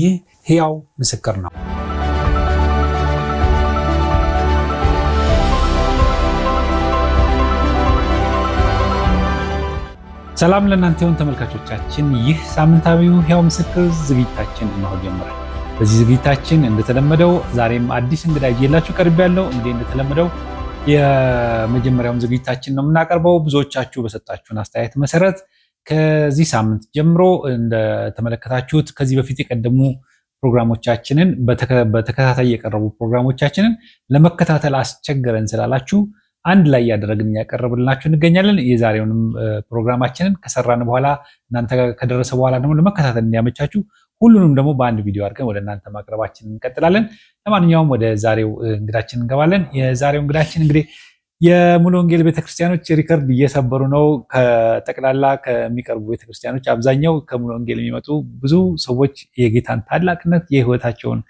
ይህ ሕያው ምስክር ነው። ሰላም ለእናንተ ይሁን ተመልካቾቻችን። ይህ ሳምንታዊው ሕያው ምስክር ዝግጅታችን ነው ጀምሯል። በዚህ ዝግጅታችን እንደተለመደው ዛሬም አዲስ እንግዳ ይዤላችሁ ያለው እንግዲህ እንደተለመደው የመጀመሪያውን ዝግጅታችን ነው የምናቀርበው። ብዙዎቻችሁ በሰጣችሁን አስተያየት መሰረት ከዚህ ሳምንት ጀምሮ እንደተመለከታችሁት ከዚህ በፊት የቀደሙ ፕሮግራሞቻችንን በተከታታይ የቀረቡ ፕሮግራሞቻችንን ለመከታተል አስቸገረን ስላላችሁ አንድ ላይ እያደረግን እያቀረብልናችሁ እንገኛለን። የዛሬውንም ፕሮግራማችንን ከሰራን በኋላ እናንተ ከደረሰ በኋላ ደግሞ ለመከታተል እንዲያመቻችሁ ሁሉንም ደግሞ በአንድ ቪዲዮ አድርገን ወደ እናንተ ማቅረባችን እንቀጥላለን። ለማንኛውም ወደ ዛሬው እንግዳችን እንገባለን። የዛሬው እንግዳችን እንግዲህ የሙሉ ወንጌል ቤተክርስቲያኖች ሪከርድ እየሰበሩ ነው። ከጠቅላላ ከሚቀርቡ ቤተክርስቲያኖች አብዛኛው ከሙሉ ወንጌል የሚመጡ ብዙ ሰዎች የጌታን ታላቅነት የህይወታቸውን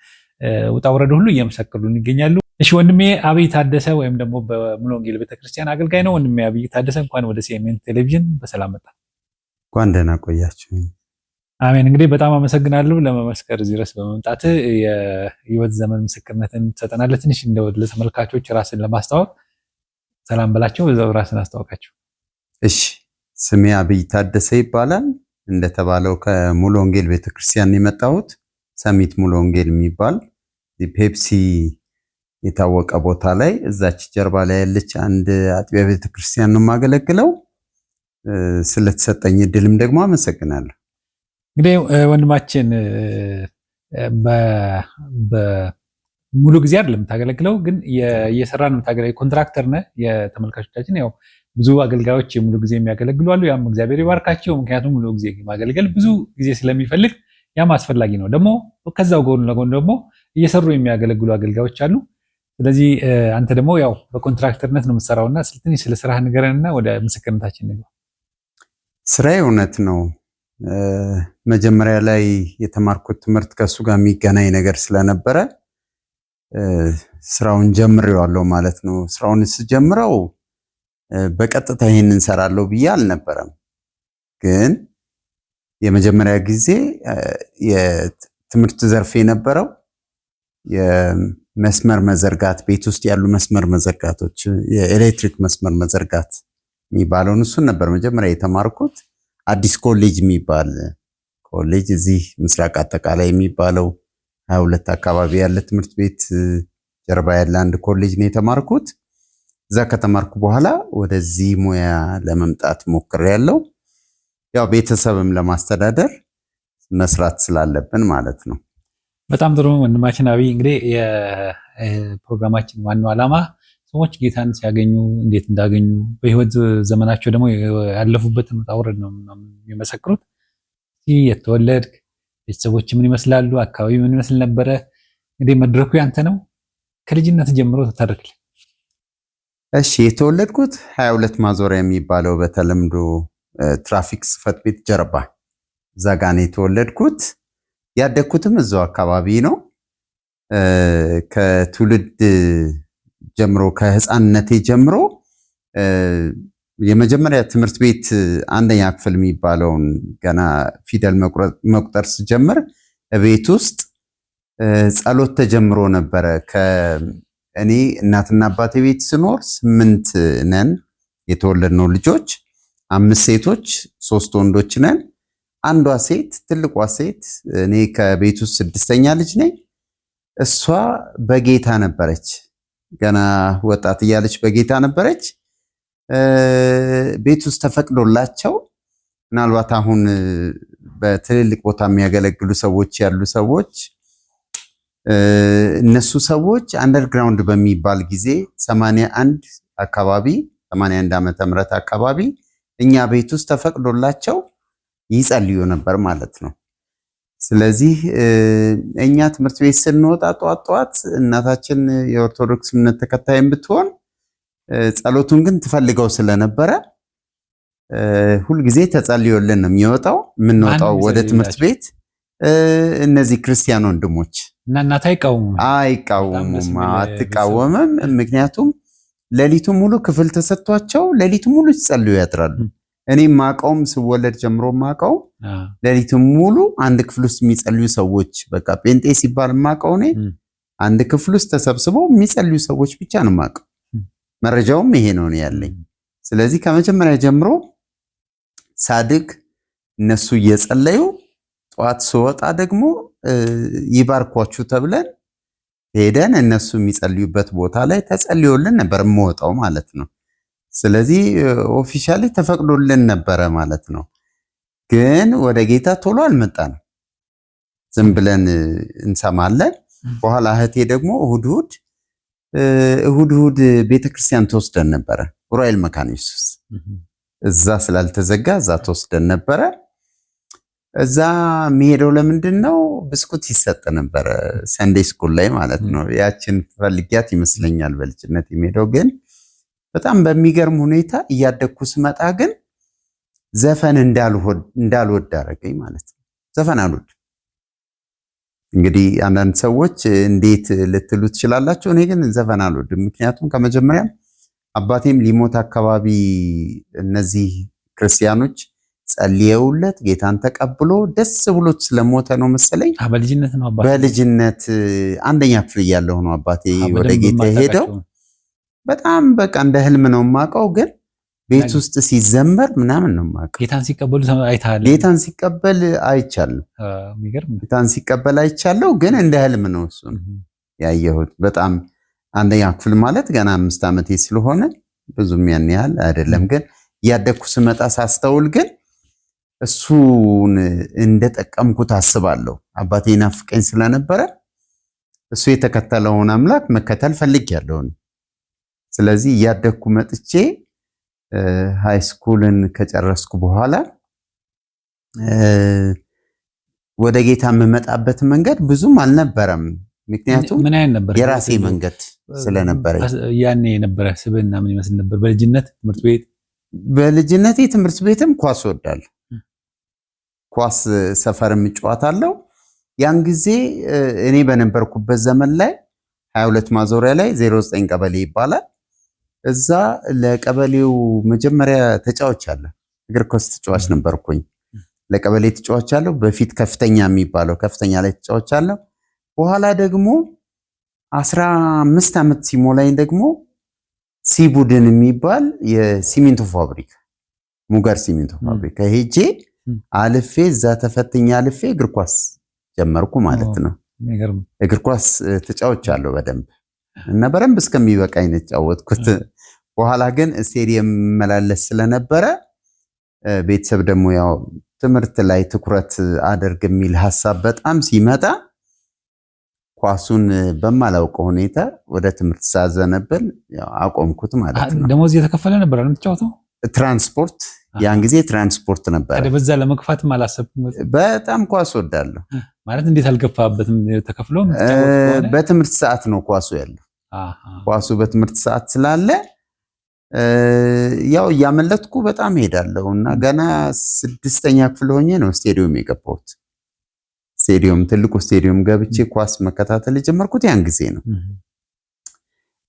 ውጣ ውረድ ሁሉ እየመሰከሩልን ይገኛሉ። እሺ ወንድሜ አብይ ታደሰ ወይም ደግሞ በሙሉ ወንጌል ቤተክርስቲያን አገልጋይ ነው። ወንድሜ አብይ ታደሰ እንኳን ወደ ሲኤምኤን ቴሌቪዥን በሰላም መጣ። እንኳን ደህና ቆያችሁ። አሜን። እንግዲህ በጣም አመሰግናለሁ ለመመስከር እዚህ ድረስ በመምጣት የህይወት ዘመን ምስክርነትን ትሰጠናለህ። ትንሽ እንደው ለተመልካቾች ራስን ለማስታወቅ ሰላም በላቸው። በዛው ራስን አስታውቃቸው። እሺ፣ ስሜ አብይ ታደሰ ይባላል። እንደተባለው ከሙሉ ወንጌል ቤተክርስቲያን የመጣሁት ሰሚት ሙሉ ወንጌል የሚባል ፔፕሲ የታወቀ ቦታ ላይ እዛች ጀርባ ላይ ያለች አንድ አጥቢያ ቤተክርስቲያን ነው የማገለግለው። ስለተሰጠኝ እድልም ደግሞ አመሰግናለሁ። እንግዲህ ወንድማችን ሙሉ ጊዜ አይደለም የምታገለግለው፣ ግን እየሰራ ነው የምታገለ ኮንትራክተር ነ የተመልካቾቻችን ያው ብዙ አገልጋዮች የሙሉ ጊዜ የሚያገለግሉ አሉ። ያም እግዚአብሔር ይባርካቸው። ምክንያቱም ሙሉ ጊዜ ማገልገል ብዙ ጊዜ ስለሚፈልግ ያም አስፈላጊ ነው። ደግሞ ከዛው ጎን ለጎን ደግሞ እየሰሩ የሚያገለግሉ አገልጋዮች አሉ። ስለዚህ አንተ ደግሞ ያው በኮንትራክተርነት ነው የምሰራውና ስልትን ስለ ስራህ ንገረንና ወደ ምስክርነታችን ንገር። ስራዬ እውነት ነው። መጀመሪያ ላይ የተማርኩት ትምህርት ከእሱ ጋር የሚገናኝ ነገር ስለነበረ ስራውን ጀምሬዋለሁ ማለት ነው። ስራውን ስጀምረው በቀጥታ ይህን እንሰራለሁ ብዬ አልነበረም። ግን የመጀመሪያ ጊዜ የትምህርት ዘርፍ የነበረው የመስመር መዘርጋት ቤት ውስጥ ያሉ መስመር መዘርጋቶች፣ የኤሌክትሪክ መስመር መዘርጋት የሚባለውን እሱን ነበር መጀመሪያ የተማርኩት። አዲስ ኮሌጅ የሚባል ኮሌጅ እዚህ ምስራቅ አጠቃላይ የሚባለው ሀያ ሁለት አካባቢ ያለ ትምህርት ቤት ጀርባ ያለ አንድ ኮሌጅ ነው የተማርኩት። እዛ ከተማርኩ በኋላ ወደዚህ ሙያ ለመምጣት ያለው ያው ቤተሰብም ለማስተዳደር መስራት ስላለብን ማለት ነው። በጣም ጥሩ ወንድማችን አብይ፣ እንግዲህ የፕሮግራማችን ዋናው ዓላማ ሰዎች ጌታን ሲያገኙ እንዴት እንዳገኙ በህይወት ዘመናቸው ደግሞ ያለፉበትን ውጣ ውረድ ነው የሚመሰክሩት። የተወለድክ ቤተሰቦች ምን ይመስላሉ? አካባቢ ምን ይመስል ነበረ? እንግዲህ መድረኩ ያንተ ነው። ከልጅነት ጀምሮ ተታርክል። እሺ፣ የተወለድኩት 22 ማዞሪያ የሚባለው በተለምዶ ትራፊክ ጽሕፈት ቤት ጀርባ እዛ ጋ ነው የተወለድኩት። ያደግኩትም እዛው አካባቢ ነው። ከትውልድ ጀምሮ ከህፃንነቴ ጀምሮ የመጀመሪያ ትምህርት ቤት አንደኛ ክፍል የሚባለውን ገና ፊደል መቁጠር ስጀምር ቤት ውስጥ ጸሎት ተጀምሮ ነበረ። ከእኔ እናትና አባቴ ቤት ስኖር ስምንት ነን የተወለድነው ልጆች፣ አምስት ሴቶች፣ ሶስት ወንዶች ነን። አንዷ ሴት ትልቋ ሴት እኔ ከቤት ውስጥ ስድስተኛ ልጅ ነኝ። እሷ በጌታ ነበረች፣ ገና ወጣት እያለች በጌታ ነበረች። ቤት ውስጥ ተፈቅዶላቸው ምናልባት አሁን በትልልቅ ቦታ የሚያገለግሉ ሰዎች ያሉ ሰዎች እነሱ ሰዎች አንደርግራውንድ በሚባል ጊዜ 81 አካባቢ 81 ዓመተ ምህረት አካባቢ እኛ ቤት ውስጥ ተፈቅዶላቸው ይጸልዩ ነበር ማለት ነው። ስለዚህ እኛ ትምህርት ቤት ስንወጣ ጧት ጧት እናታችን የኦርቶዶክስ እምነት ተከታይ ብትሆን ጸሎቱን ግን ትፈልገው ስለነበረ ሁልጊዜ ተጸልዮልን ነው የሚወጣው የምንወጣው ወደ ትምህርት ቤት። እነዚህ ክርስቲያን ወንድሞች እናት አይቃወሙም አይቃወሙም አትቃወምም። ምክንያቱም ለሊቱ ሙሉ ክፍል ተሰጥቷቸው ለሊቱ ሙሉ ይጸልዩ ያድራሉ። እኔም ማቀውም ስወለድ ጀምሮ ማቀውም ሌሊቱን ሙሉ አንድ ክፍል ውስጥ የሚጸልዩ ሰዎች በቃ ጴንጤ ሲባል ማቀው እኔ አንድ ክፍል ውስጥ ተሰብስበው የሚጸልዩ ሰዎች ብቻ ነው ማቀው መረጃውም ይሄ ነው ያለኝ። ስለዚህ ከመጀመሪያ ጀምሮ ሳድቅ እነሱ እየጸለዩ ጠዋት ስወጣ ደግሞ ይባርኳችሁ ተብለን ሄደን እነሱ የሚጸልዩበት ቦታ ላይ ተጸልዮልን ነበር የምወጣው ማለት ነው። ስለዚህ ኦፊሻሊ ተፈቅዶልን ነበረ ማለት ነው። ግን ወደ ጌታ ቶሎ አልመጣንም። ዝም ብለን እንሰማለን። በኋላ እህቴ ደግሞ እሁድ እሑድ እሁድ እሁድ ቤተክርስቲያን ተወስደን ነበረ። ሮያል መካኒስስ እዛ ስላልተዘጋ እዛ ተወስደን ነበረ። እዛ የሚሄደው ለምንድን ነው? ብስኩት ይሰጥ ነበረ ሰንዴይ ስኩል ላይ ማለት ነው። ያችን ፈልጊያት ይመስለኛል በልጅነት የሚሄደው ግን በጣም በሚገርም ሁኔታ እያደግኩ ስመጣ ግን ዘፈን እንዳልወድ አደረገኝ ማለት ነው። ዘፈን አልወድ እንግዲህ አንዳንድ ሰዎች እንዴት ልትሉ ትችላላችሁ። እኔ ግን ዘፈን አልወድም። ምክንያቱም ከመጀመሪያም አባቴም ሊሞት አካባቢ እነዚህ ክርስቲያኖች ጸልየውለት ጌታን ተቀብሎ ደስ ብሎት ስለሞተ ነው መሰለኝ። በልጅነት ነው በልጅነት አንደኛ ክፍል እያለሁ ነው አባቴ ወደ ጌታ ሄደው። በጣም በቃ እንደ ህልም ነው የማውቀው ግን ቤት ውስጥ ሲዘመር ምናምን ነው የማውቀው። ጌታን ሲቀበሉ አይተሃል? ጌታን ሲቀበል አይቻለሁ። ጌታን ሲቀበል አይቻለሁ፣ ግን እንደ ህልም ነው እሱ ያየሁት። በጣም አንደኛ ክፍል ማለት ገና አምስት ዓመቴ ስለሆነ ብዙም ያን ያህል አይደለም፣ ግን እያደግኩ ስመጣ ሳስተውል ግን እሱን እንደጠቀምኩት አስባለሁ። አባቴ ናፍቀኝ ስለነበረ እሱ የተከተለውን አምላክ መከተል ፈልጌያለሁ። ስለዚህ እያደግኩ መጥቼ ስኩልን ከጨረስኩ በኋላ ወደ ጌታ የምመጣበት መንገድ ብዙም አልነበረም። ምክንያቱም የራሴ መንገድ ስለነበረ ያኔ የነበረ ስብዕና ምን ይመስል ነበር? በልጅነት ትምህርት ቤት በልጅነት ትምህርት ቤትም ኳስ ወዳል ኳስ ሰፈርም እጫወታለሁ። ያን ጊዜ እኔ በነበርኩበት ዘመን ላይ 22 ማዞሪያ ላይ 09 ቀበሌ ይባላል እዛ ለቀበሌው መጀመሪያ ተጫዋች አለ። እግር ኳስ ተጫዋች ነበርኩኝ። ለቀበሌ ተጫዋች አለው። በፊት ከፍተኛ የሚባለው ከፍተኛ ላይ ተጫዋች አለው። በኋላ ደግሞ አስራ አምስት ዓመት ሲሞላኝ ደግሞ ሲ ቡድን የሚባል የሲሚንቶ ፋብሪካ ሙገር ሲሚንቶ ፋብሪካ ሄጄ አልፌ እዛ ተፈትኛ አልፌ እግር ኳስ ጀመርኩ ማለት ነው። እግር ኳስ ተጫዋች አለው በደንብ እና በደንብ እስከሚበቃኝ ነው የተጫወትኩት። በኋላ ግን ስቴዲየም መላለስ ስለነበረ ቤተሰብ ደግሞ ያው ትምህርት ላይ ትኩረት አድርግ የሚል ሀሳብ በጣም ሲመጣ ኳሱን በማላውቀው ሁኔታ ወደ ትምህርት ሳዘነብል አቆምኩት ማለት ነው። ደሞዝ እየተከፈለ ነበር የምትጫወተው? ትራንስፖርት ያን ጊዜ ትራንስፖርት ነበር። በዛ ለመግፋት አላሰብኩም። በጣም ኳስ ወዳለሁ ማለት እንዴት አልገፋበትም? ተከፍሎ በትምህርት ሰዓት ነው ኳሱ ያለው ኳሱ በትምህርት ሰዓት ስላለ ያው እያመለጥኩ በጣም ሄዳለሁ እና ገና ስድስተኛ ክፍል ሆኜ ነው ስቴዲየም የገባሁት። ስቴዲየም ትልቁ ስቴዲየም ገብቼ ኳስ መከታተል የጀመርኩት ያን ጊዜ ነው።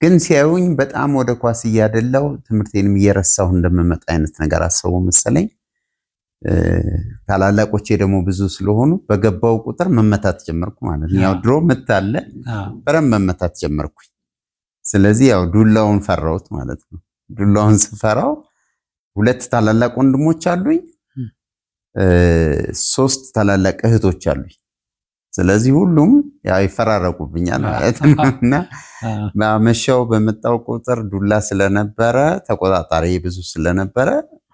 ግን ሲያዩኝ በጣም ወደ ኳስ እያደላው ትምህርቴንም እየረሳሁ እንደምመጣ አይነት ነገር አሰቡ መሰለኝ። ታላላቆቼ ደግሞ ብዙ ስለሆኑ በገባው ቁጥር መመታት ጀመርኩ ማለት ነው። ያው ድሮ ምታለ በረም መመታት ጀመርኩኝ። ስለዚህ ያው ዱላውን ፈራሁት ማለት ነው። ዱላውን ስፈራው ሁለት ታላላቅ ወንድሞች አሉኝ፣ ሶስት ታላላቅ እህቶች አሉኝ። ስለዚህ ሁሉም ያው ይፈራረቁብኛል ማለት ነውና ማመሻው በመጣው ቁጥር ዱላ ስለነበረ ተቆጣጣሪ ብዙ ስለነበረ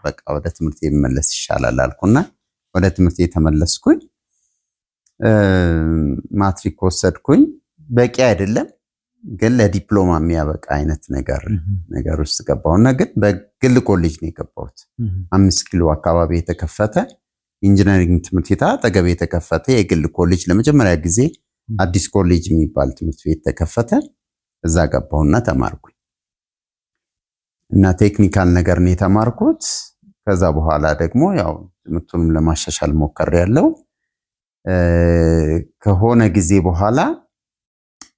በቃ ወደ ትምህርት መመለስ ይሻላል አልኩና ወደ ትምህርት የተመለስኩኝ ማትሪክ ወሰድኩኝ። በቂ አይደለም ግን ለዲፕሎማ የሚያበቃ አይነት ነገር ነገር ውስጥ ገባሁ እና ግን በግል ኮሌጅ ነው የገባሁት። አምስት ኪሎ አካባቢ የተከፈተ ኢንጂነሪንግ ትምህርት ቤት አጠገብ የተከፈተ የግል ኮሌጅ ለመጀመሪያ ጊዜ አዲስ ኮሌጅ የሚባል ትምህርት ቤት ተከፈተ። እዛ ገባሁና ተማርኩኝ እና ቴክኒካል ነገር ነው የተማርኩት። ከዛ በኋላ ደግሞ ያው ትምህርቱንም ለማሻሻል ሞከር ያለው ከሆነ ጊዜ በኋላ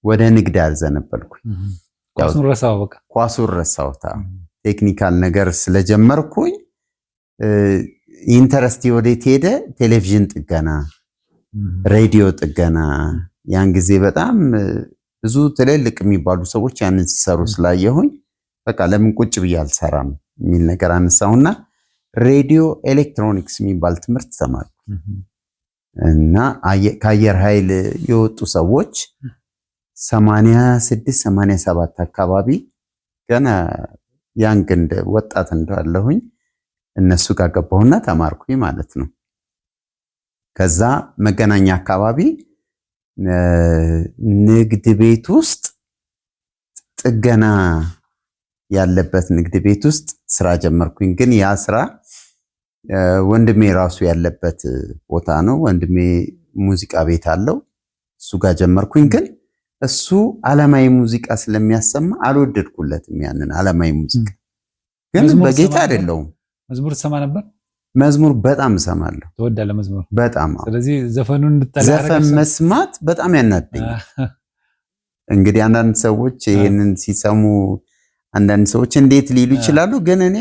ወደ ንግድ አዘነበልኩ። ኳሱን ረሳውታ ቴክኒካል ነገር ስለጀመርኩኝ ኢንተረስቲ ወዴት ሄደ? ቴሌቪዥን ጥገና፣ ሬዲዮ ጥገና። ያን ጊዜ በጣም ብዙ ትልልቅ የሚባሉ ሰዎች ያንን ሲሰሩ ስላየሁኝ በቃ ለምን ቁጭ ብዬ አልሰራም የሚል ነገር አነሳሁና ሬዲዮ ኤሌክትሮኒክስ የሚባል ትምህርት ተማርኩ እና ከአየር ኃይል የወጡ ሰዎች ሰማንያ ስድስት ሰማንያ ሰባት አካባቢ ገና ያንግ እንደ ወጣት እንዳለሁኝ እነሱ ጋር ገባሁና ተማርኩኝ ማለት ነው። ከዛ መገናኛ አካባቢ ንግድ ቤት ውስጥ ጥገና ያለበት ንግድ ቤት ውስጥ ስራ ጀመርኩኝ። ግን ያ ስራ ወንድሜ ራሱ ያለበት ቦታ ነው። ወንድሜ ሙዚቃ ቤት አለው። እሱ ጋር ጀመርኩኝ ግን እሱ ዓለማዊ ሙዚቃ ስለሚያሰማ አልወደድኩለትም። ያንን ዓለማዊ ሙዚቃ ግን በጌታ አይደለውም። መዝሙር ትሰማ ነበር? መዝሙር በጣም እሰማለሁ። ትወዳለህ መዝሙር በጣም። ስለዚህ ዘፈኑን ዘፈን መስማት በጣም ያናደኝ። እንግዲህ አንዳንድ ሰዎች ይህንን ሲሰሙ አንዳንድ ሰዎች እንዴት ሊሉ ይችላሉ። ግን እኔ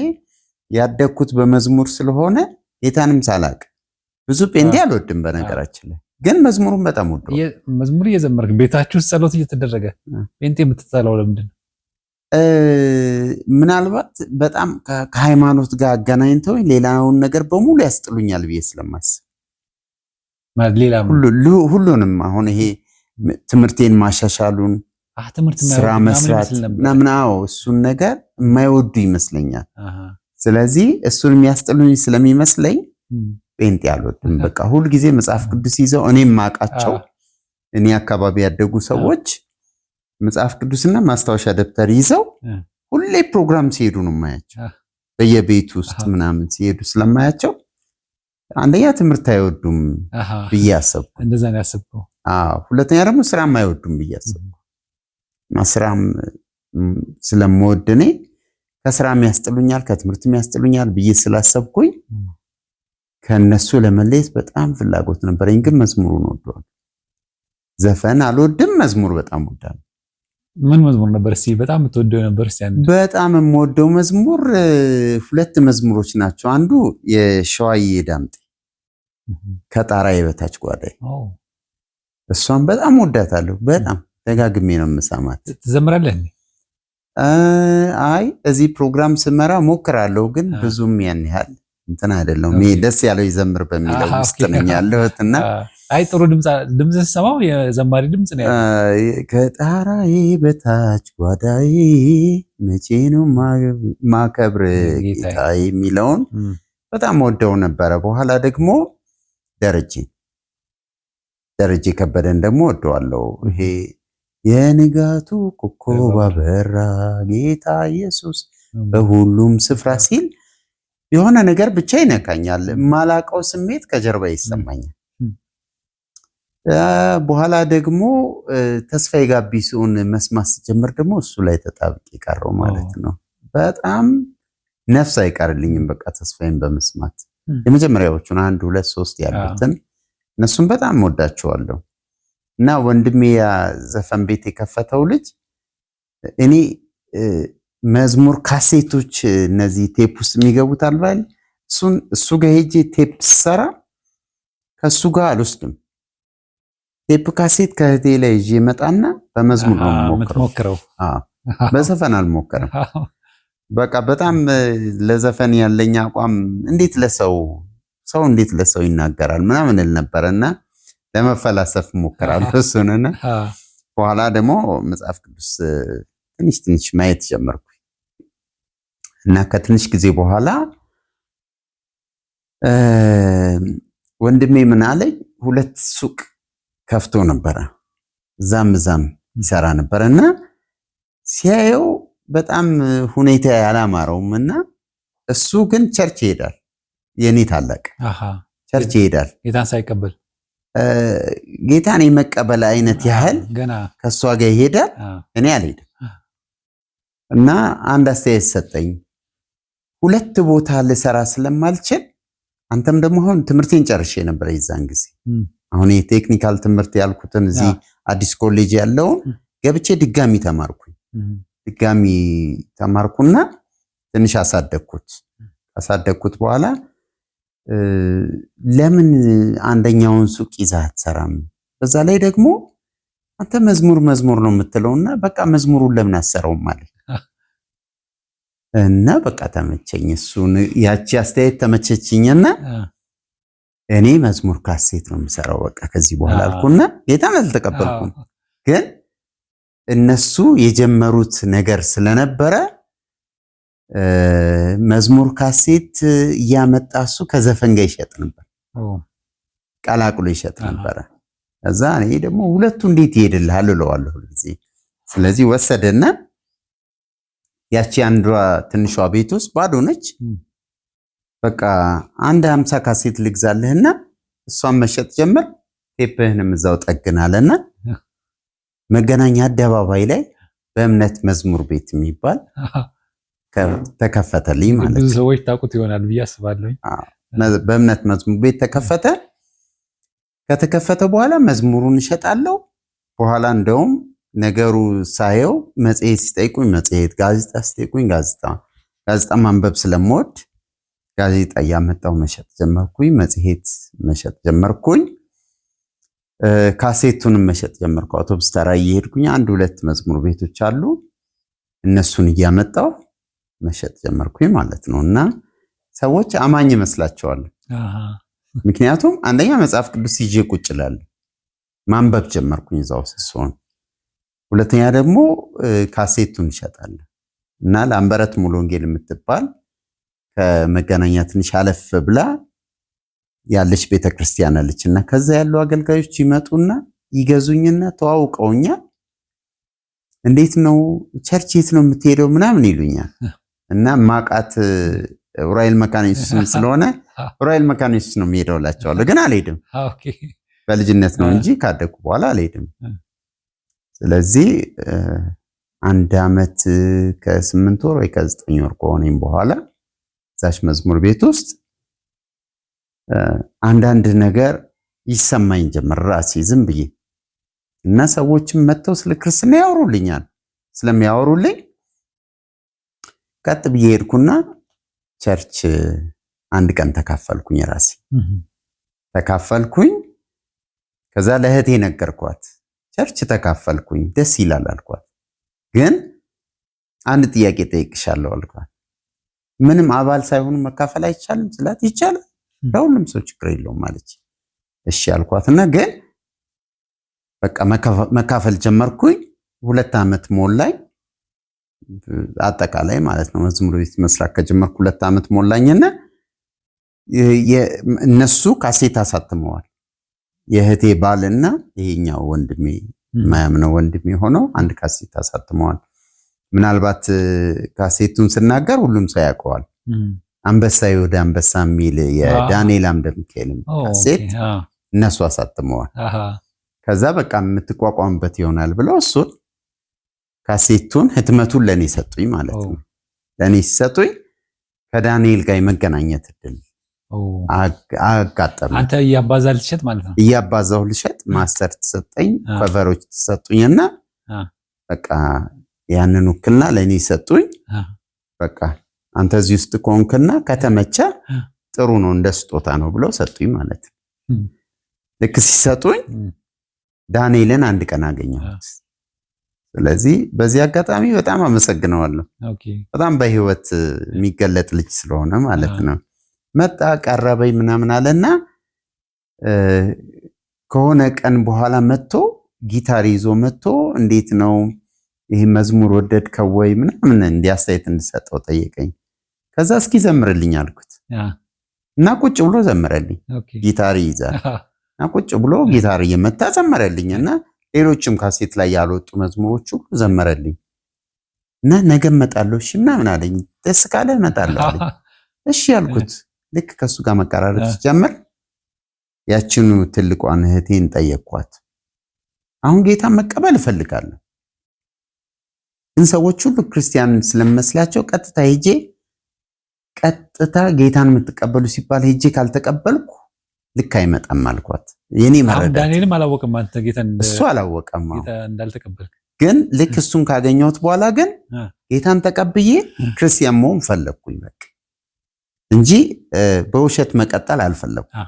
ያደግኩት በመዝሙር ስለሆነ ጌታንም ሳላቅ ብዙ ጴንጤ አልወድም በነገራችን ላይ ግን መዝሙሩን በጣም ወዶ መዝሙር እየዘመርክ ቤታችሁ ውስጥ ጸሎት እየተደረገ ጴንጤ የምትጠላው ለምንድን ነው? ምናልባት በጣም ከሃይማኖት ጋር አገናኝተው ሌላውን ነገር በሙሉ ያስጥሉኛል ብዬ ስለማስብ ሁሉንም አሁን ይሄ ትምህርቴን ማሻሻሉን ስራ መስራት ምናምን እሱን ነገር የማይወዱ ይመስለኛል። ስለዚህ እሱን የሚያስጥሉኝ ስለሚመስለኝ ጴንጤ አልወድም። በቃ ሁልጊዜ መጽሐፍ ቅዱስ ይዘው እኔም ማቃቸው እኔ አካባቢ ያደጉ ሰዎች መጽሐፍ ቅዱስና ማስታወሻ ደብተር ይዘው ሁሌ ፕሮግራም ሲሄዱ ነው የማያቸው። በየቤት ውስጥ ምናምን ሲሄዱ ስለማያቸው አንደኛ ትምህርት አይወዱም ብዬ አሰብኩ። ሁለተኛ ደግሞ ስራም አይወዱም ብዬ አሰብኩ። ስራም ስለምወድ እኔ ከስራም ያስጥሉኛል ከትምህርትም ያስጥሉኛል ብዬ ስላሰብኩኝ ከነሱ ለመለየት በጣም ፍላጎት ነበረኝ፣ ግን መዝሙሩን ወደዋል። ዘፈን አልወድም፣ መዝሙር በጣም ወዳል። ምን መዝሙር ነበር እስኪ በጣም የምትወደው ነበር? እስኪ አንድ በጣም የምወደው መዝሙር ሁለት መዝሙሮች ናቸው። አንዱ የሸዋዬ ዳምጤ ከጣራ በታች ጓዳዬ፣ እሷን በጣም ወዳታለሁ። በጣም ደጋግሜ ነው የምሰማት። ትዘምራለህ? አይ እዚህ ፕሮግራም ስመራ ሞክራለሁ፣ ግን ብዙም ያን ያህል እንትን አይደለም ደስ ያለው ይዘምር በሚለው ውስጥ ነኝ ያለሁት እና አይ ጥሩ ድምፅ ስሰማው የዘማሪ ድምፅ ነው ከጣራዬ በታች ጓዳዬ መቼ ነው ማከብር ጌታ የሚለውን በጣም ወደው ነበረ። በኋላ ደግሞ ደረጀ ደረጀ ከበደን ደግሞ ወደዋለው። ይሄ የንጋቱ ኮከብ አበራ ጌታ ኢየሱስ በሁሉም ስፍራ ሲል የሆነ ነገር ብቻ ይነካኛል። ማላቀው ስሜት ከጀርባ ይሰማኛል። በኋላ ደግሞ ተስፋዬ ጋቢሶን መስማት ስጀምር ደግሞ እሱ ላይ ተጣብቅ የቀረው ማለት ነው። በጣም ነፍስ አይቀርልኝም። በቃ ተስፋዬን በመስማት የመጀመሪያዎቹን አንድ ሁለት ሶስት ያሉትን እነሱን በጣም ወዳቸዋለሁ። እና ወንድሜ ያ ዘፈን ቤት የከፈተው ልጅ እኔ መዝሙር ካሴቶች እነዚህ ቴፕ ውስጥ የሚገቡት አልባል እሱን እሱ ጋር ሄጄ ቴፕ ስሰራ ከእሱ ጋር አልወስድም። ቴፕ ካሴት ከእህቴ ላይ ይዤ መጣና በመዝሙር ነው የምሞክረው። በዘፈን አልሞክርም። በቃ በጣም ለዘፈን ያለኝ አቋም እንዴት ለሰው ሰው እንዴት ለሰው ይናገራል ምናምን እል ነበረ እና ለመፈላሰፍ ሞክራለሁ እሱንና በኋላ ደግሞ መጽሐፍ ቅዱስ ትንሽ ትንሽ ማየት ጀመርኩ። እና ከትንሽ ጊዜ በኋላ ወንድሜ ምን አለኝ፣ ሁለት ሱቅ ከፍቶ ነበረ። እዛም እዛም ይሰራ ነበረ እና ሲያየው በጣም ሁኔታ ያላማረውም እና እሱ ግን ቸርች ይሄዳል። የኔ ታላቅ ቸርች ይሄዳል። ጌታን ሳይቀበል ጌታን የመቀበል አይነት ያህል ከእሷ ጋር ይሄዳል። እኔ አልሄድም እና አንድ አስተያየት ሰጠኝ። ሁለት ቦታ ልሰራ ስለማልችል አንተም ደግሞ አሁን ትምህርቴን ጨርሼ ነበር የዛን ጊዜ። አሁን የቴክኒካል ትምህርት ያልኩትን እዚህ አዲስ ኮሌጅ ያለውን ገብቼ ድጋሚ ተማርኩኝ። ድጋሚ ተማርኩና ትንሽ አሳደግኩት። ካሳደግኩት በኋላ ለምን አንደኛውን ሱቅ ይዛ አትሰራም? በዛ ላይ ደግሞ አንተ መዝሙር መዝሙር ነው የምትለውና በቃ መዝሙሩን ለምን አትሰራውም ማለት እና በቃ ተመቸኝ። እሱን ያቺ አስተያየት ተመቸችኝና እኔ መዝሙር ካሴት ነው የምሰራው በቃ ከዚህ በኋላ አልኩና ጌታን አልተቀበልኩም፣ ግን እነሱ የጀመሩት ነገር ስለነበረ መዝሙር ካሴት እያመጣ እሱ ከዘፈን ጋር ይሸጥ ነበር፣ ቀላቅሎ ይሸጥ ነበረ። ከዛ እኔ ደግሞ ሁለቱ እንዴት ይሄድልሃል እለዋለሁ ሁልጊዜ። ስለዚህ ወሰደና ያቺ አንዷ ትንሿ ቤት ውስጥ ባዶ ነች። በቃ አንድ ሀምሳ ካሴት ልግዛልህና እሷን መሸጥ ጀመር። ቴፕህንም እዛው ጠግናለና መገናኛ አደባባይ ላይ በእምነት መዝሙር ቤት የሚባል ተከፈተልኝ ማለት ነው። ሰዎች ታውቁት ይሆናል ብዬ አስባለሁ። በእምነት መዝሙር ቤት ተከፈተ። ከተከፈተ በኋላ መዝሙሩን እሸጣለሁ። በኋላ እንደውም ነገሩ ሳየው መጽሔት ሲጠይቁኝ መጽሔት፣ ጋዜጣ ሲጠይቁኝ ጋዜጣ። ጋዜጣ ማንበብ ስለምወድ ጋዜጣ እያመጣው መሸጥ ጀመርኩኝ። መጽሔት መሸጥ ጀመርኩኝ። ካሴቱንም መሸጥ ጀመርኩ። አውቶቡስ ተራ እየሄድኩኝ አንድ ሁለት መዝሙር ቤቶች አሉ፣ እነሱን እያመጣው መሸጥ ጀመርኩኝ ማለት ነው። እና ሰዎች አማኝ ይመስላቸዋል። ምክንያቱም አንደኛ መጽሐፍ ቅዱስ ይዤ ቁጭ እላለሁ። ማንበብ ጀመርኩኝ እዛ ሲሆን ሁለተኛ ደግሞ ካሴቱን እንሸጣለን እና ላምበረት ሙሉ ወንጌል የምትባል ከመገናኛ ትንሽ አለፍ ብላ ያለች ቤተክርስቲያን አለች እና ከዛ ያሉ አገልጋዮች ይመጡና ይገዙኝና ተዋውቀውኛ እንዴት ነው ቸርች የት ነው የምትሄደው ምናምን ይሉኛል እና ማቃት ዑራኤል መካኒሱስ ስለሆነ ዑራኤል መካኒሱስ ነው የሚሄደው እላቸዋለሁ። ግን አልሄድም። በልጅነት ነው እንጂ ካደጉ በኋላ አልሄድም። ስለዚህ አንድ አመት ከስምንት ወር ወይ ከዘጠኝ ወር ከሆነኝ በኋላ እዛች መዝሙር ቤት ውስጥ አንዳንድ ነገር ይሰማኝ ጀመር ራሴ ዝም ብዬ እና ሰዎችም መጥተው ስለ ክርስትና ያወሩልኛል። ስለሚያወሩልኝ ቀጥ ብዬ ሄድኩና ቸርች አንድ ቀን ተካፈልኩኝ ራሴ ተካፈልኩኝ። ከዛ ለእህቴ ነገርኳት። ቸርች ተካፈልኩኝ፣ ደስ ይላል አልኳት። ግን አንድ ጥያቄ ጠይቅሻለሁ አልኳት። ምንም አባል ሳይሆኑ መካፈል አይቻልም ስላት ይቻላል፣ ለሁሉም ሰው ችግር የለውም ማለች። እሺ አልኳት እና ግን በቃ መካፈል ጀመርኩኝ። ሁለት ዓመት ሞላኝ አጠቃላይ ማለት ነው። መዝሙር ቤት መስራት ከጀመርኩ ሁለት ዓመት ሞላኝና እነሱ ካሴት አሳትመዋል። የእህቴ ባልና ይሄኛው ወንድሜ ማያምነው ወንድሜ ሆነው አንድ ካሴት አሳትመዋል። ምናልባት ካሴቱን ስናገር ሁሉም ሰው ያውቀዋል። አንበሳ ወደ አንበሳ የሚል የዳንኤል አምደ ሚካኤልም ካሴት እነሱ አሳትመዋል። ከዛ በቃ የምትቋቋምበት ይሆናል ብለው እሱን ካሴቱን ህትመቱን ለእኔ ሰጡኝ ማለት ነው። ለእኔ ሲሰጡኝ ከዳንኤል ጋር የመገናኘት እድል አጋጠመ። አንተ እያባዛ ልትሸጥ ማለት ነው። እያባዛሁ ልሸጥ ማስተር ተሰጠኝ፣ ከቨሮች ተሰጡኝና በቃ ያንን ውክልና ለእኔ ሰጡኝ። በቃ አንተ እዚህ ውስጥ ከሆንክና ከተመቸ ጥሩ ነው እንደ ስጦታ ነው ብለው ሰጡኝ ማለት ነው። ልክ ሲሰጡኝ ዳንኤልን አንድ ቀን አገኘሁት። ስለዚህ በዚህ አጋጣሚ በጣም አመሰግነዋለሁ። በጣም በህይወት የሚገለጥ ልጅ ስለሆነ ማለት ነው። መጣ ቀረበኝ ምናምን አለና ከሆነ ቀን በኋላ መጥቶ ጊታር ይዞ መጥቶ እንዴት ነው ይህ መዝሙር ወደድከው ወይ ምናምን እንዲህ አስተያየት እንድሰጠው ጠየቀኝ። ከዛ እስኪ ዘምርልኝ አልኩት እና ቁጭ ብሎ ዘምረልኝ። ጊታር ይይዛል እና ቁጭ ብሎ ጊታር እየመታ ዘመረልኝ እና ሌሎችም ካሴት ላይ ያልወጡ መዝሙሮች ሁሉ ዘመረልኝ እና ነገ እመጣለሁ እሺ ምናምን አለኝ። ደስ ካለ እመጣለሁ አለኝ። እሺ ያልኩት ልክ ከሱ ጋር መቀራረብ ሲጀምር ያችኑ ትልቋን እህቴን ጠየቅኳት። አሁን ጌታን መቀበል እፈልጋለሁ። ግን ሰዎች ሁሉ ክርስቲያን ስለመስላቸው ቀጥታ ሄጄ ቀጥታ ጌታን የምትቀበሉ ሲባል ሄጄ ካልተቀበልኩ ልክ አይመጣም አልኳት። የኔ መረዳት ዳንኤልም አላወቀም። አንተ ጌታን እሱ አላወቀም እንዳልተቀበልክ ግን ልክ እሱን ካገኘሁት በኋላ ግን ጌታን ተቀብዬ ክርስቲያን መሆን ፈለግኩኝ በቃ እንጂ በውሸት መቀጠል አልፈለኩም።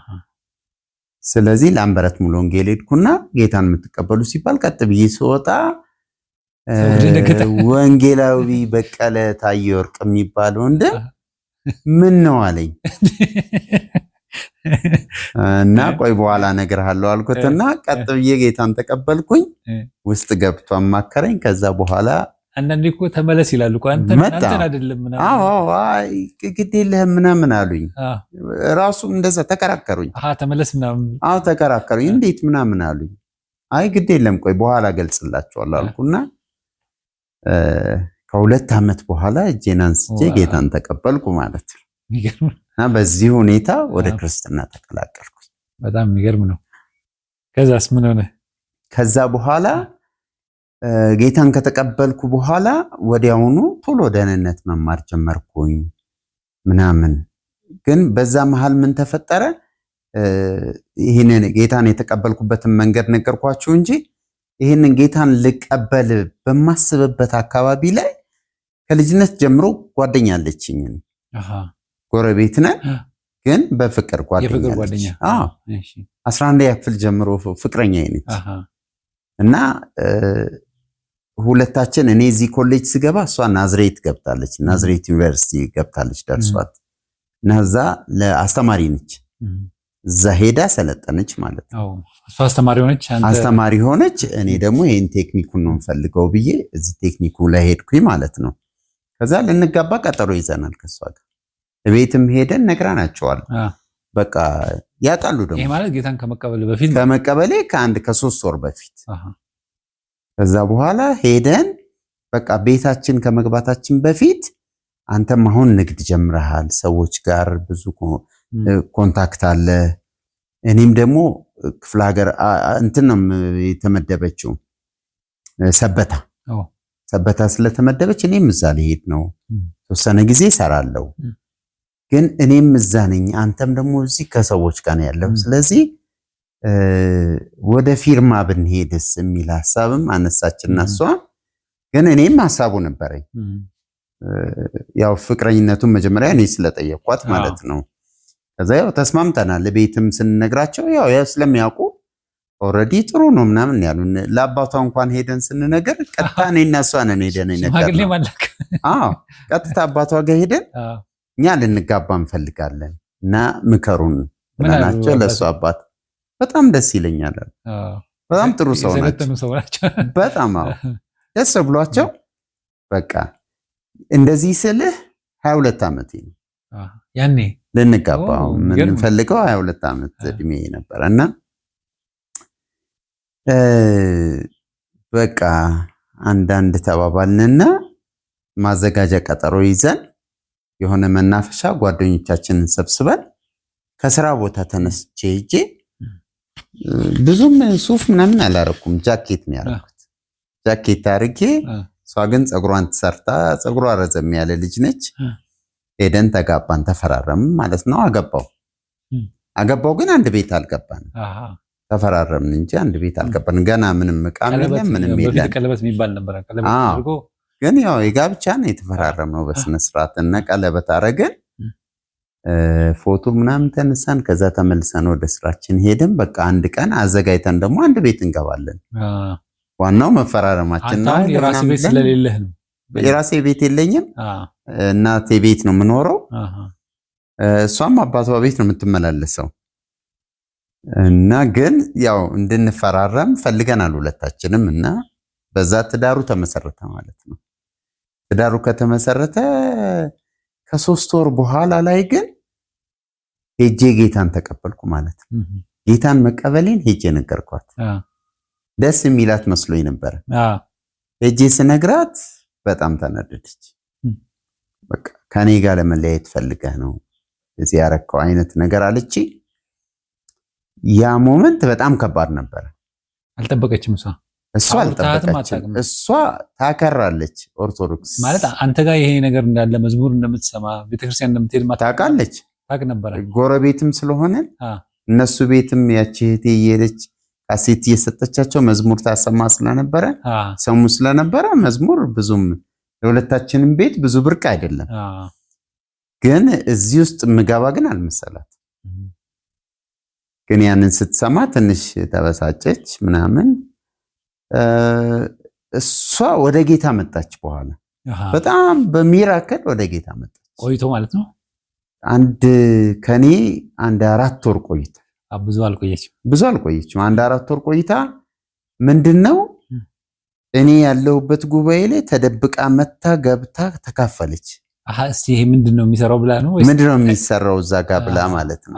ስለዚህ ለአንበረት ሙሉ ወንጌል ሄድኩና ጌታን የምትቀበሉ ሲባል ቀጥ ብዬ ስወጣ ወንጌላዊ በቀለ ታየ ወርቅ የሚባል ወንድም ምን ነው አለኝ እና ቆይ በኋላ እነግርሃለሁ አልኩትና ቀጥ ብዬ ጌታን ተቀበልኩኝ። ውስጥ ገብቶ አማከረኝ። ከዛ በኋላ አንዳንዴ እኮ ተመለስ ይላሉ። አይደለም ግድ የለህም ምናምን አሉኝ። ራሱ እንደዛ ተከራከሩኝ። ተመለስ ምናምን ተከራከሩኝ። እንዴት ምናምን አሉኝ። አይ ግድ የለም ቆይ በኋላ ገልጽላቸዋለሁ አልኩና ከሁለት ዓመት በኋላ እጄን አንስቼ ጌታን ተቀበልኩ ማለት ነው። እና በዚህ ሁኔታ ወደ ክርስትና ተቀላቀልኩ። በጣም የሚገርም ነው። ከዛስ ምን ሆነ? ከዛ በኋላ ጌታን ከተቀበልኩ በኋላ ወዲያውኑ ቶሎ ደህንነት መማር ጀመርኩኝ ምናምን። ግን በዛ መሀል ምን ተፈጠረ? ይህንን ጌታን የተቀበልኩበትን መንገድ ነገርኳችሁ እንጂ ይህንን ጌታን ልቀበል በማስብበት አካባቢ ላይ ከልጅነት ጀምሮ ጓደኛ አለችኝ፣ ጎረቤት ነን፣ ግን በፍቅር ጓደኛ አስራ አንደኛ ክፍል ጀምሮ ፍቅረኛ ነች እና ሁለታችን እኔ እዚህ ኮሌጅ ስገባ እሷ ናዝሬት ገብታለች፣ ናዝሬት ዩኒቨርሲቲ ገብታለች ደርሷት እና እዛ ለአስተማሪ ነች። እዛ ሄዳ ሰለጠነች ማለት ነው። አስተማሪ ሆነች። እኔ ደግሞ ይህን ቴክኒኩን ነው የምፈልገው ብዬ እዚህ ቴክኒኩ ላይ ማለት ነው። ከዛ ልንጋባ ቀጠሮ ይዘናል ከእሷ ጋር እቤትም ሄደን ነግራናቸዋል። በቃ ያውቃሉ ደግሞ ከመቀበሌ ከአንድ ከሶስት ወር በፊት ከዛ በኋላ ሄደን በቃ ቤታችን ከመግባታችን በፊት አንተም አሁን ንግድ ጀምረሃል፣ ሰዎች ጋር ብዙ ኮንታክት አለ። እኔም ደግሞ ክፍለ ሀገር እንትን ነው የተመደበችው ሰበታ ሰበታ ስለተመደበች እኔም እዛ ልሄድ ነው ተወሰነ ጊዜ እሰራለሁ። ግን እኔም እዛ ነኝ፣ አንተም ደግሞ እዚህ ከሰዎች ጋር ነው ያለው ስለዚህ ወደ ፊርማ ብንሄድስ የሚል ሀሳብም አነሳችና እሷ ግን እኔም ሀሳቡ ነበረኝ። ያው ፍቅረኝነቱን መጀመሪያ እኔ ስለጠየኳት ማለት ነው። ከዛ ያው ተስማምተናል። ቤትም ስንነግራቸው ያው ስለሚያውቁ ኦልሬዲ ጥሩ ነው ምናምን ያሉ። ለአባቷ እንኳን ሄደን ስንነገር ቀጥታ እኔና እሷ ነን ሄደን ነገር ቀጥታ አባቷ ጋር ሄደን እኛ ልንጋባ እንፈልጋለን እና ምከሩን ብለናቸው ለእሱ አባት በጣም ደስ ይለኛል። በጣም ጥሩ ሰው ናቸው። በጣም አዎ፣ ደስ ብሏቸው በቃ እንደዚህ ስልህ ሀያ ሁለት ዓመቴ ነው ያኔ ልንጋባ የምንፈልገው ሀያ ሁለት ዓመት እድሜ ነበረ እና በቃ አንዳንድ ተባባልንና ማዘጋጃ ቀጠሮ ይዘን የሆነ መናፈሻ ጓደኞቻችንን ሰብስበን ከስራ ቦታ ተነስቼ ሄጄ ብዙም ሱፍ ምናምን አላረኩም። ጃኬት ነው ያረኩት። ጃኬት አርጌ እሷ ግን ፀጉሯን ትሰርታ ፀጉሯ ረዘም ያለ ልጅ ነች። ሄደን ተጋባን፣ ተፈራረምን ማለት ነው። አገባው አገባው ግን አንድ ቤት አልገባን። ተፈራረምን እንጂ አንድ ቤት አልገባን። ገና ምንም ዕቃ የለም ምንም የለም። ቀለበት የሚባል ነበር። ቀለበት ግን ያው የጋብቻ ነው የተፈራረምነው በስነ ስርዓት እና ቀለበት አረገን። ፎቶ ምናምን ተነሳን። ከዛ ተመልሰን ወደ ስራችን ሄደን በቃ አንድ ቀን አዘጋጅተን ደግሞ አንድ ቤት እንገባለን። ዋናው መፈራረማችን ነው። የራሴ ቤት ስለሌለህ ነው። የራሴ ቤት የለኝም። እናቴ ቤት ነው የምኖረው። እሷም አባቷ ቤት ነው የምትመላለሰው። እና ግን ያው እንድንፈራረም ፈልገናል ሁለታችንም። እና በዛ ትዳሩ ተመሰረተ ማለት ነው። ትዳሩ ከተመሰረተ ከሶስት ወር በኋላ ላይ ግን ሄጄ ጌታን ተቀበልኩ ማለት ነው። ጌታን መቀበሌን ሄጄ ነገርኳት። ደስ የሚላት መስሎኝ ነበረ። ሄጄ ስነግራት በጣም ተናደደች። በቃ ከኔ ጋር ለመለያየት ፈልገህ ነው እዚህ ያረከው አይነት ነገር አለች። ያ ሞመንት በጣም ከባድ ነበረ። አልጠበቀችም እሷ እሷ አልጠበቀችም። እሷ ታከራለች። ኦርቶዶክስ ማለት አንተ ጋር ይሄ ነገር እንዳለ መዝሙር እንደምትሰማ ቤተክርስቲያን እንደምትሄድ ታውቃለች። ጎረቤትም ስለሆነ እነሱ ቤትም ያቺ እህቴ እየሄደች ካሴት እየሰጠቻቸው መዝሙር ታሰማ ስለነበረ ሰሙ ስለነበረ መዝሙር ብዙም ለሁለታችንም ቤት ብዙ ብርቅ አይደለም። ግን እዚህ ውስጥ ምገባ ግን አልመሰላት። ግን ያንን ስትሰማ ትንሽ ተበሳጨች ምናምን። እሷ ወደ ጌታ መጣች። በኋላ በጣም በሚራከል ወደ ጌታ መጣች ቆይቶ ማለት ነው። አንድ ከኔ አንድ አራት ወር ቆይታ ብዙ አልቆየችም ብዙ አልቆየችም። አንድ አራት ወር ቆይታ ምንድን ነው እኔ ያለሁበት ጉባኤ ላይ ተደብቃ መታ ገብታ ተካፈለች። ይሄ ምንድን ነው የሚሰራው ብላ ነው ምንድን ነው የሚሰራው እዛ ጋ ብላ ማለት ነው።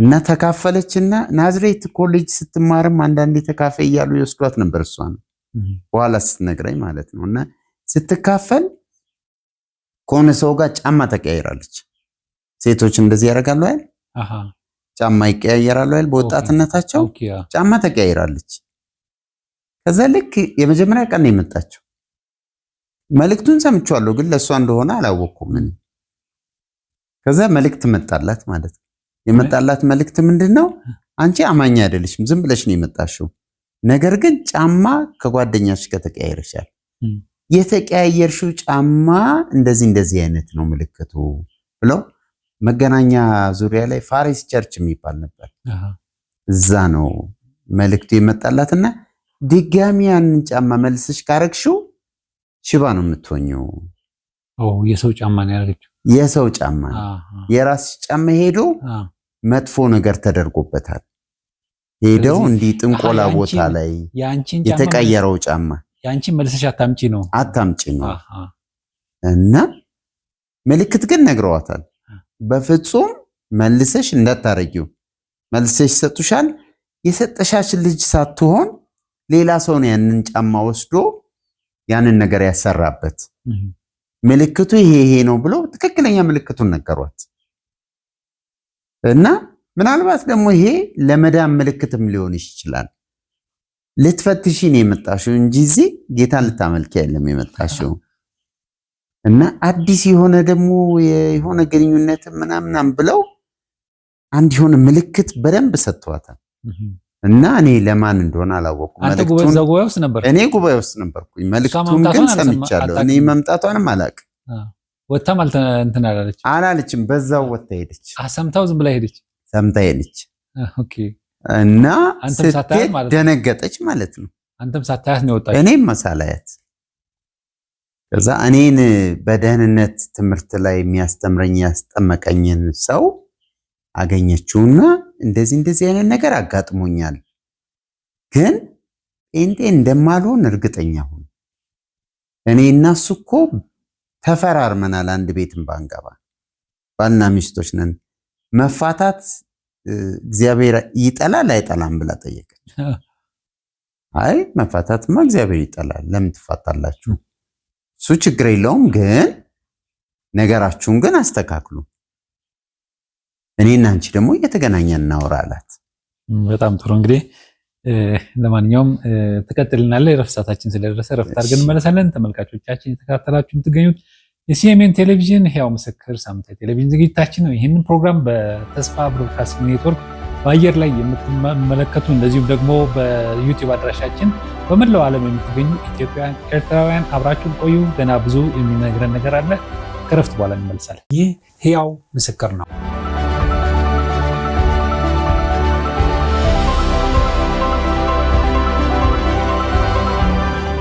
እና ተካፈለች እና ናዝሬት ኮሌጅ ስትማርም አንዳንዴ ተካፈል እያሉ የወስዷት ነበር። እሷ ነው በኋላ ስትነግረኝ ማለት ነው። እና ስትካፈል ከሆነ ሰው ጋር ጫማ ተቀያይራለች። ሴቶች እንደዚህ ያደርጋሉ አይደል? ጫማ ይቀያየራሉ አይደል? በወጣትነታቸው ጫማ ተቀያይራለች። ከዛ ልክ የመጀመሪያ ቀን ነው የመጣችው መልእክቱን ሰምቼዋለሁ፣ ግን ለእሷ እንደሆነ አላወቅኩም። ከዛ መልእክት መጣላት ማለት ነው። የመጣላት መልእክት ምንድን ነው? አንቺ አማኝ አይደለሽም፣ ዝም ብለሽ ነው የመጣሽው። ነገር ግን ጫማ ከጓደኛሽ ጋር ተቀያይረሻል። የተቀያየርሽው ጫማ እንደዚህ እንደዚህ አይነት ነው ምልክቱ ብለው መገናኛ ዙሪያ ላይ ፋሪስ ቸርች የሚባል ነበር። እዛ ነው መልእክቱ የመጣላትና ድጋሚ ያንን ጫማ መልስሽ ካረግሽው ሽባ ነው የምትሆኘው። የሰው ጫማ ነው ያረገችው። የሰው ጫማ የራስሽ ጫማ ሄዶ መጥፎ ነገር ተደርጎበታል። ሄደው እንዲህ ጥንቆላ ቦታ ላይ የተቀየረው ጫማ የአንቺ መልሰሽ አታምጪ ነው አታምጪ ነው እና ምልክት ግን ነግረዋታል። በፍጹም መልሰሽ እንዳታረጊው። መልሰሽ ይሰጡሻል። የሰጠሻችን ልጅ ሳትሆን ሌላ ሰው ነው ያንን ጫማ ወስዶ ያንን ነገር ያሰራበት። ምልክቱ ይሄ ይሄ ነው ብሎ ትክክለኛ ምልክቱን ነገሯት እና ምናልባት ደግሞ ይሄ ለመዳን ምልክትም ሊሆን ይችላል። ልትፈትሺ ነው የመጣሽው እንጂ እዚህ ጌታን ልታመልኪ የለም የመጣሽው። እና አዲስ የሆነ ደግሞ የሆነ ግንኙነት ምናምናም ብለው አንድ የሆነ ምልክት በደንብ ሰጥተዋታል። እና እኔ ለማን እንደሆነ አላወቅኩም። እኔ ጉባኤ ውስጥ ነበርኩኝ። መልክቱን ግን ሰምቻለሁ። እኔ መምጣቷንም አላቅም። ወታም እንትን አላለች አላለችም። በዛው ወታ ሄደች። ሰምታው ዝም ብላ ሄደች። ሰምታ ሄደች እና ስትሄድ ደነገጠች ማለት ነው። አንተም ሳታያት ነው የወጣችው። እኔም መሳላያት ከዛ እኔን በደህንነት ትምህርት ላይ የሚያስተምረኝ ያስጠመቀኝን ሰው አገኘችውና እንደዚህ እንደዚህ አይነት ነገር አጋጥሞኛል፣ ግን ጴንጤ እንደማልሆን እርግጠኛ ሁን። እኔ እና እሱ እኮ ተፈራርመናል፣ አንድ ቤትን ባንገባ ባልና ሚስቶች ነን። መፋታት እግዚአብሔር ይጠላል አይጠላም ብላ ጠየቀች። አይ መፋታትማ እግዚአብሔር ይጠላል፣ ለምን ትፋታላችሁ? እሱ ችግር የለውም ግን ነገራችሁን ግን አስተካክሉ። እኔ አንቺ ደግሞ እየተገናኘን እናውራ አላት። በጣም ጥሩ እንግዲህ ለማንኛውም ትቀጥልናለ። የረፍት ሰዓታችን ስለደረሰ ረፍት አድርገን እንመለሳለን። ተመልካቾቻችን የተከታተላችሁ የምትገኙት የሲኤምኤን ቴሌቪዥን ህያው ምስክር ሳምንታዊ ቴሌቪዥን ዝግጅታችን ነው። ይህንን ፕሮግራም በተስፋ ብሮድካስቲንግ ኔትወርክ በአየር ላይ የምትመለከቱ እንደዚሁም ደግሞ በዩቲዩብ አድራሻችን በመላው ዓለም የምትገኙ ኢትዮጵያውያን፣ ኤርትራውያን አብራችሁን ቆዩ። ገና ብዙ የሚነግረን ነገር አለ። ከረፍት በኋላ እንመልሳለን። ይህ ህያው ምስክር ነው።